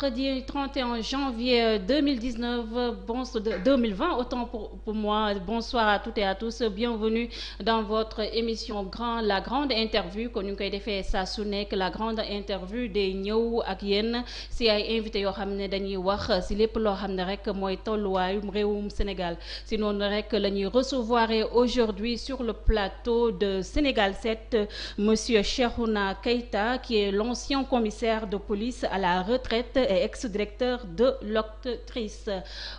vendredi 31 janvier 2019, euh, bon, 2020, autant pour, pour, moi. Bonsoir à toutes et à tous. Bienvenue dans votre émission Grand, la grande interview que ñu koy defee saa su nekk la grande interview des ñëw ak yéen si ay invités yoo xam ne dañuy wax si lépp loo xam ne rek mooy tolluwaayum réewum Sénégal si noonu rek la ñuy recevoir aujourd'hui sur le plateau de Sénégal 7 monsieur Cheikhouna Keita qui est l'ancien commissaire de police à la retraite ex-directeur de l'Octrice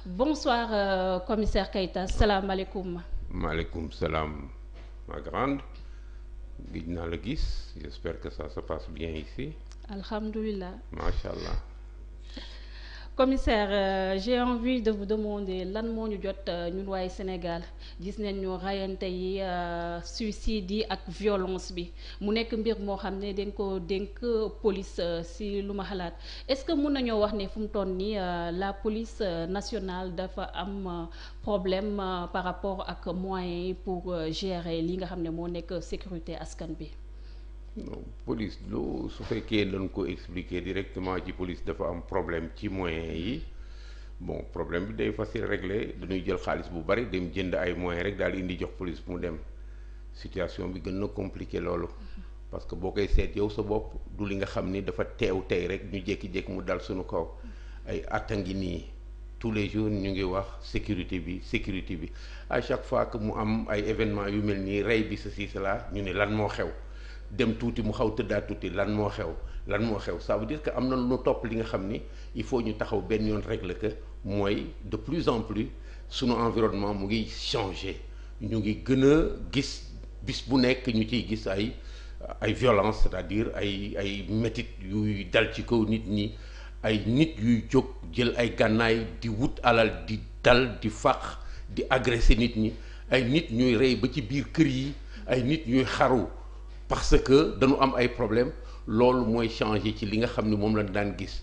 bonsoir euh, commissaire Keïta salaamaaleykum maaleykum salaam ma grande gis la gis j'espère que ça se passe bien ici alhamdulilah macha allah commissaire euh, j'ai envie de vous demander lan moo ñu jot euh, ñun waaye Sénégal gis nañ ñu rayante yi euh, suicide yi ak violence bi mu nekk mbir moo xam ne dañ ko dénk police si lu ma xalaat est-ce que mun nañoo wax ne fu mu toll nii la police nationale dafa am problème par rapport ak moyens yi pour gérer li nga xam ne moo nekk sécurité askan bi. police lu su fekkee dañ ko expliquer directement ci police dafa am problème ci moyens yi bon problème bi day facile réglé dañuy jël xaalis bu bari dem jënd ay moyen rek daal indi jox police mu dem situation bi gën na compliqué loolu parce que boo koy seet yow sa bopp du li nga xam ni dafa teew tey rek ñu jékki-jékki mu dal suñu kaw ay atta ngi nii tous les jours ñu ngi wax sécurité bi sécurité bi à chaque fois que mu am ay événement yu mel nii rey bi ceci cela ñu ne lan moo xew dem tuuti mu xaw tëddaa tuuti lan moo xew lan moo xew ça veut dire que am na lu topp li nga xam ni il faut ñu taxaw benn yoon règle que mooy de plus en plus suñu environnement mu ngi changer ñu ngi gën a gis bis bu nekk ñu ciy gis ay ay violence c'est-à-dire ay ay métit yuy dal ci kaw nit ñi ay nit yuy jóg jël ay gànnaay di wut alal di dal di fàq di agresser nit ñi ay nit ñuy rey ba ci biir kër yi ay nit ñuy xaru parce que dañu am ay problème loolu mooy changer ci li nga xam ni moom lañ daan gis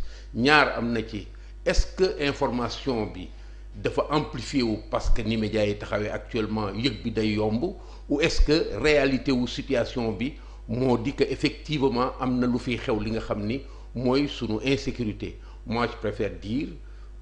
ñaar am na ci est-ce que information bi dafa amplifié wu parce que ni médias yi taxawee actuellement yëg bi day yomb ou est-ce que réalité wu situation bi moo dikk effectivement am na lu fi xew li nga xam ni mooy sunu insécurité moi je préfère dire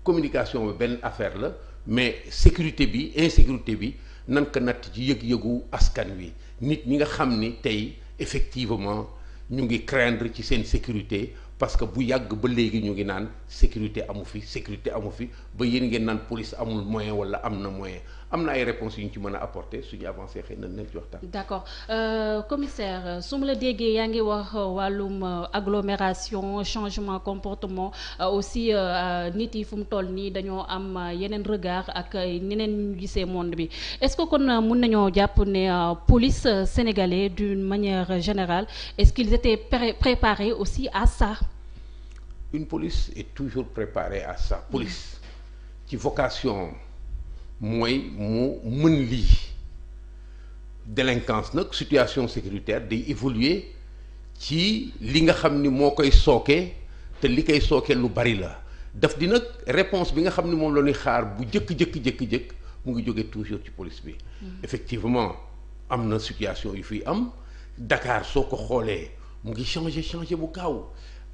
communication bi benn affaire la mais sécurité bi insécurité bi nan ko natt ci yëg-yëgu askan wi nit ñi nga xam ni tey effectivement ñu ngi craindre ci seen sécurité parce que bu yàgg ba léegi ñu ngi naan sécurité amu fi sécurité amu fi ba yéen ngeen naan police amul moyen wala am na moyen am na ay réponses yu ñu ci mën a apporter su avancé xëy na nañ ci waxtaan. d'accord euh, commissaire su la déggee yaa ngi wax wàllum euh, agglomération changement comportement euh, aussi euh, nit yi fu mu toll nii dañoo am yeneen regard ak ñeneen ñu gisee monde bi est-ce que kon mun nañoo jàpp ne police sénégalais d'une manière générale est-ce qu'ils étaient pré préparés aussi à ça. une police est toujours préparée à ça police ci vocation mooy mu mën lii délinquance nag situation sécuritaire day évoluer ci li nga xam ni moo koy sooke te li koy sooke lu bari la daf di nag réponse bi nga xam ni moom la ñuy xaar bu jëkk-jëkk-jëkk-jëkk mu ngi jóge toujours ci police bi mm-hmm. effectivement am na situation yu fiy am dakaar soo ko xoolee mu ngi changé changé bu gaaw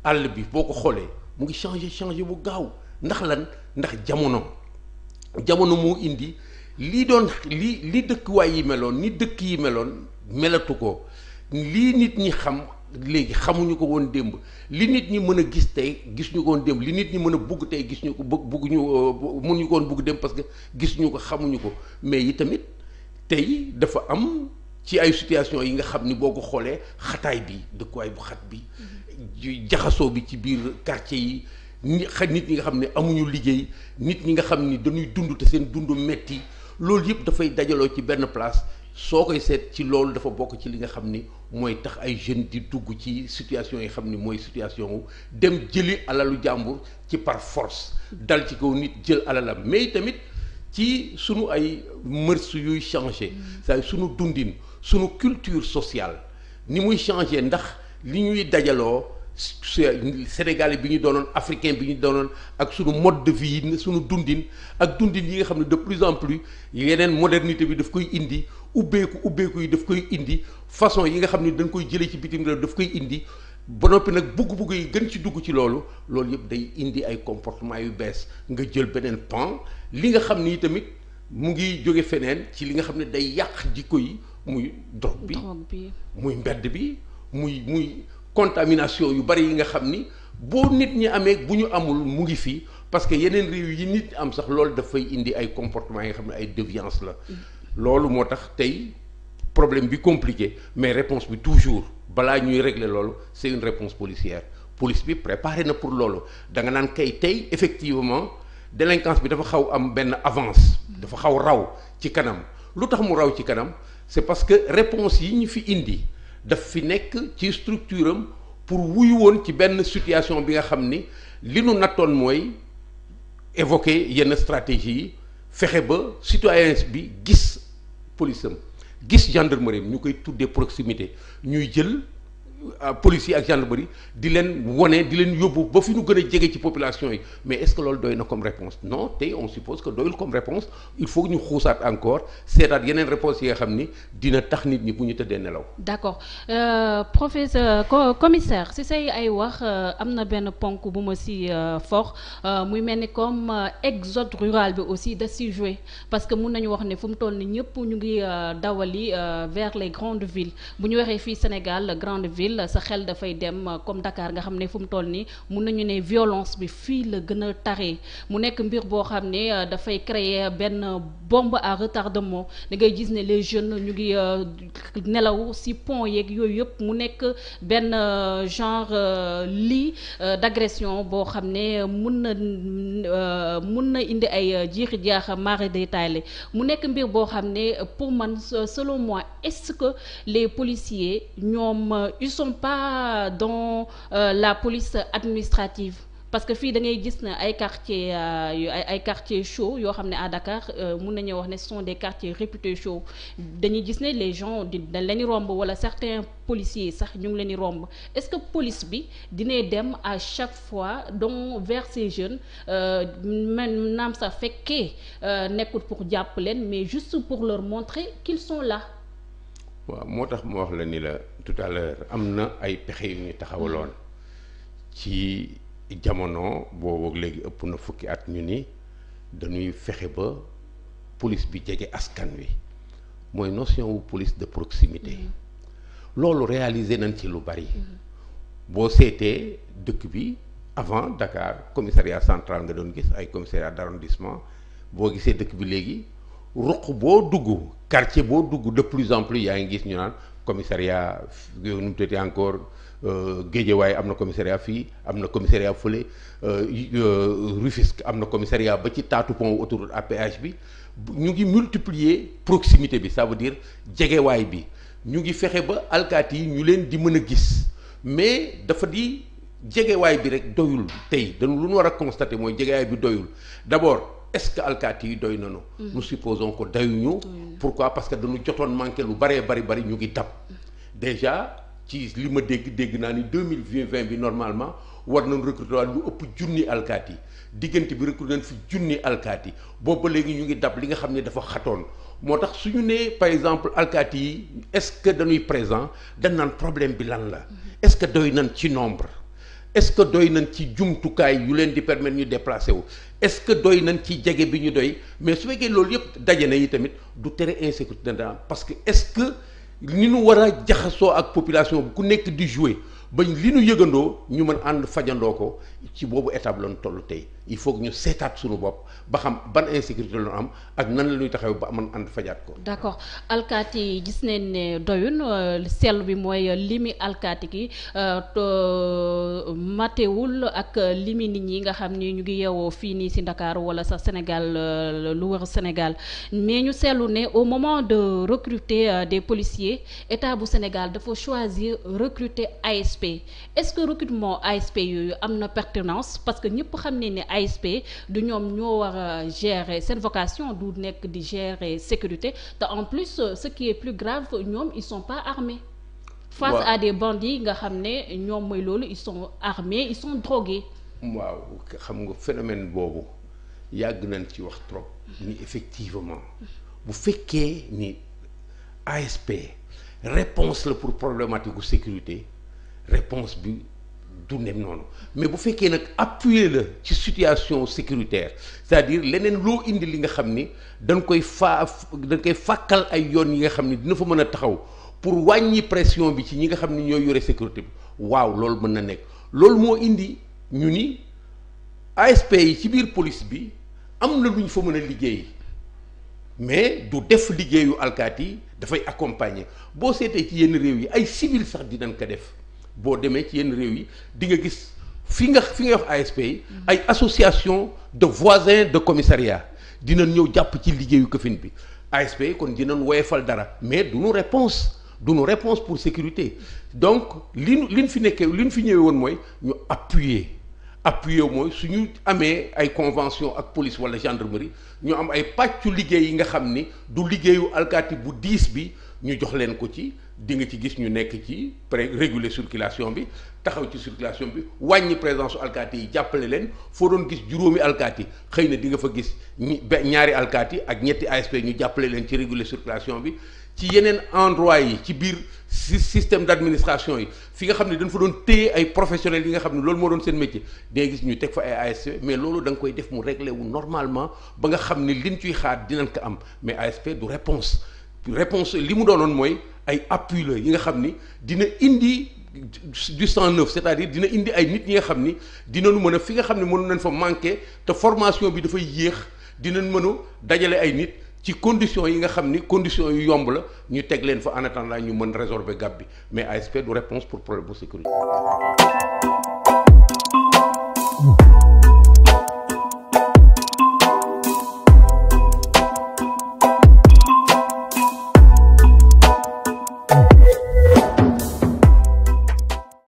àll bi boo ko xoolee mu ngi changé changé bu gaaw ndax lan ndax jamono jamono moo indi li doon lii li dëkkuwaay yi meloon ni dëkk yi meloon melatu ko lii nit ñi xam léegi xamuñu ko woon démb li nit ñi mën a gis tey gisuñu ñu ko woon démb li nit ñi mën a bugg tey gis ñu ko bugg ñu mun ñu ko woon bugg démb parce que gis ko xamuñu ko mais yi tamit tey dafa am ci ay situation yi nga xam ni boo ko xoolee xataay bi dëkkuwaay bu xat bi jaxasoo bi ci biir quartier yi ni nit ñi nga xam ne amuñu liggéey nit ñi nga xam ni dañuy dund te seen dund metti loolu yëpp dafay dajaloo ci benn place soo koy seet ci loolu dafa bokk ci li nga xam ni mooy tax ay jeunes di dugg ci situation yi xam ni mooy situation wu dem jëli alalu jàmbur ci par dal ci kaw nit jël alalam mais tamit ci sunu ay mœurs yuy changé saa sunu dundin sunu culture sociale ni muy changer ndax li ñuy dajaloo Sénégalais bi ñu doonoon africain bi ñu doonoon ak sunu mode de vie sunu dundin ak dundin yi nga xam ne de plus en plus yeneen modernité bi daf koy indi ubbeeku ubbeeku yi daf koy indi façon yi nga xam ne dañ koy jëlee ci bitim réew daf koy indi ba noppi nag bugg-bugg yi gën ci dugg ci loolu loolu yëpp day indi ay comportement yu bees nga jël beneen pan li nga xam ni tamit mu ngi jóge feneen ci li nga xam ne day yàq jikko yi muy drogue bi muy mbedd bi muy muy contamination yu bari yi nga xam ni boo nit ñi amee bu ñu amul mu ngi fii parce que yeneen réew yi nit am sax loolu dafay indi ay comportement yi nga xam ne ay déviance la loolu moo tax tey problème bi compliqué mais réponse bi toujours balaa ñuy régler loolu c'est une réponse policière police bi préparé na pour loolu danga naan kay tey effectivement délinquance bi dafa xaw am benn avance dafa xaw raw ci kanam lu tax mu raw ci kanam c'est parce que réponse yi ñu fi indi daf fi nekk ci structure am pour wuyu woon ci benn situation bi nga xam ni li nu nattoon mooy évoquer yenn stratégie yi fexe ba citoyen bi gis police gis gendarmerie am ñu koy tuddee proximité ñuy jël police yi ak gendarmerie di leen wone di leen yóbbu ba fi ñu gën a jege ci population yi mais est-ce que loolu doy na comme réponse non tey on suppose que doyul comme réponse il faut ñu xuusaat encore seetaat yeneen réponse yi xam ni dina tax nit ñi bu ñu tëddee nelaw. d'accord euh, professeur commissaire si say ay wax euh, am na benn ponk bu ma si euh, fort muy mel ni comme exode rural bi aussi da si joué parce que mun nañu wax ne fu mu toll ni ñëpp ñu ngi dawali vers les grandes villes bu ñu waxee ville sa xel dafay dem euh, comme Dakar nga xam ne fu mu toll nii mun nañu ne violence bi fii la gën a taree mu nekk mbir boo xam ne euh, dafay créer benn bomb à retardement da ngay gis ne les jeune ñu ngi euh, nelaw si pont yeeg yooyu yëpp mu nekk benn genre lii d'agression boo xam ne mun na mun na indi ay jiixi jaaxa mara détaillé mu nekk mbir boo xam ne pour man selon moi est-ce que ñoom sont pas dans euh, la police administrative parce que fii da ngay gis ne ay quartier euh, ay ay quartiers chauds yoo xam ne à Dakar euh, mun nañoo wax ne ce sont des quartiers réputés chauds dañuy gis ne les gens di dañ leen romb wala certains policiers sax ñu ngi leen di romb est-ce que police bi dinay dem à chaque fois donc vers ces jeunes euh, man naam sax fekkee nekkul pour jàpp leen mais juste pour leur montrer qu'ils sont là. waaw moo tax mu wax la ni la tout am na ay pexe yu ñu taxawaloon mm. ci jamono boobu léegi ëpp na fukki at ñu ni dañuy fexe ba police bi jege askan wi mooy notion wu police de proximité mm. loolu réaliser nañ ci lu bari mm. boo seetee dëkk bi avant Dakar commissariat central nga doon gis ay commissariat d'arrondissement boo gisee dëkk bi léegi ruq boo dugg quartier boo dugg de plus en plus yaa ngi gis ñu naan commissariat nu mu tuddati encore euh, Guédiawaye am na commissariat fii am na commissariat fële euh, euh, Rufisque am na commissariat ba ci taatu pont autoroute à péage bi ñu ngi multiplier proximité bi ça veut dire jegewaay bi ñu ngi fexe ba alkaati yi ñu leen di mën a gis mais dafa di jegewaay bi rek doyul tey dañu lu ñu war a constater mooy jegewaay bi doyul d'abord. est-ce que alkaati yi doy nañu. Mm. nous supposons que dayuñu. pourquoi parce que dañu jotoon manqué lu bare bari bari ñu ngi tab mm. déjà ci li ma dégg dégg naa ni deux mille vingt bi normalement war nañu recruter waat lu ëpp junni alkaati diggante bi recruter nañ fi junni alkaati boobu léegi ñu ngi dab li nga xam ne dafa xatoon moo tax su ñu nee par exemple alkaati yi est-ce que dañuy présent dañ naan problème bi lan la mm-hmm. est-ce que doy nañ ci nombre est-ce que doy nañ ci jumtukaay yu leen di permettre ñu déplacer wu. est-ce que doy nañ ci jege bi ñu doy mais su fekkee loolu yëpp daje na yi tamit du tere insécurité dana am parce que est-ce que ni ñu war a jaxasoo ak population bu ku nekk di jouer ba li ñu yëgandoo ñu mën ànd fajandoo ko ci boobu étape lañ toll tey il faut que ñu seetaat suñu bopp ba xam ban insécurité lañu am ak nan la ñuy ba mën ànd fajaat ko. d'accord alkaati gis nañ ne doyun euh, sell bi mooy limi alkaati gi euh, matewul ak limi nit ñi nga xam ni ñu ngi yewoo fii nii si Dakar wala sax Sénégal euh, lu wër Sénégal mais ñu seetlu ne au moment de recruter des policiers état bu Sénégal dafa choisir recruter ay ASP est-ce que recrutement ASP yooyu am na pertenance parce que ñëpp xam ne ne ASP du ñoom ñoo war a gérer seen vocation du nekk di gere sécurité te en plus ce qui est plus grave ñoom ils sont pas armés face à des bandits nga xam ne ñoom mooy loolu ils sont armés ils sont drogués waaw xam nga phénomène boobu yàgg nañ ci wax trop ni effectivement bu fekkee ni ASP réponse la pour problématique sécurité réponse bi du nem noonu mais bu fekkee nag appuyer la ci situation sécuritaire cest à leneen loo indi li nga xam ni dañ koy faa dañ koy fàkkal ay yoon yi nga xam ni dina fa mën a taxaw pour wàññi pression bi ci ñi nga xam ni ñoo yore sécurité bi waaw loolu mën na nekk loolu moo indi ñu ni ASP yi ci biir police bi am na lu ñu fa mën a liggéey mais du def liggéeyu alkaati dafay accompagner boo seetee ci yenn réew yi ay civil sax di dinañ ko def boo demee ci yenn réew yi di nga gis fi nga fi nga wax ASP yi ay association de voisins de commissariat dinañ ñëw jàpp ci liggéeyu këfin bi ASP yi kon dinañ woyefal dara mais du ñu réponse du ñu réponse pour sécurité donc li ñu li ñu fi nekkee li ñu fi ñëwee woon mooy ñu appuyer appuyer mooy su ñu amee ay convention ak police wala gendarmerie ñu am ay pàccu liggéey yi nga xam ni du liggéeyu alkaati bu diis bi ñu jox leen ko ci di nga ci gis ñu nekk ci pré réguler circulation bi taxaw ci circulation bi wàññi présence su alkaati yi jàppale leen foo doon gis juróomi alkaati xëy na di nga fa gis ñaari alkaati ak ñetti ASP ñu jàppale leen ci réguler circulation bi ci yeneen endroit yi ci biir système d'administration yi fi nga xam ne dañ fa doon téye ay professionnels yi nga xam ne loolu moo doon seen métier day gis ñu teg fa ay ASP mais loolu da nga koy def mu réglé wu normalement ba nga xam ni liñ ciy xaar dinañ ko am mais ASP du réponse réponse li mu doonoon mooy ay appui la yi nga xam ni dina indi du 109 c'est-à-dire dina indi ay nit ñi nga xam ni dinañu mën a fi nga xam ne mënu nañ fa manqué te formation bi dafay yéex dinañ mën a dajale ay nit ci conditions yi nga xam ni conditions yu yomb la ñu teg leen fa en attendant ñu mën résorber gap bi mais ASP du réponse pour problème bu sécurité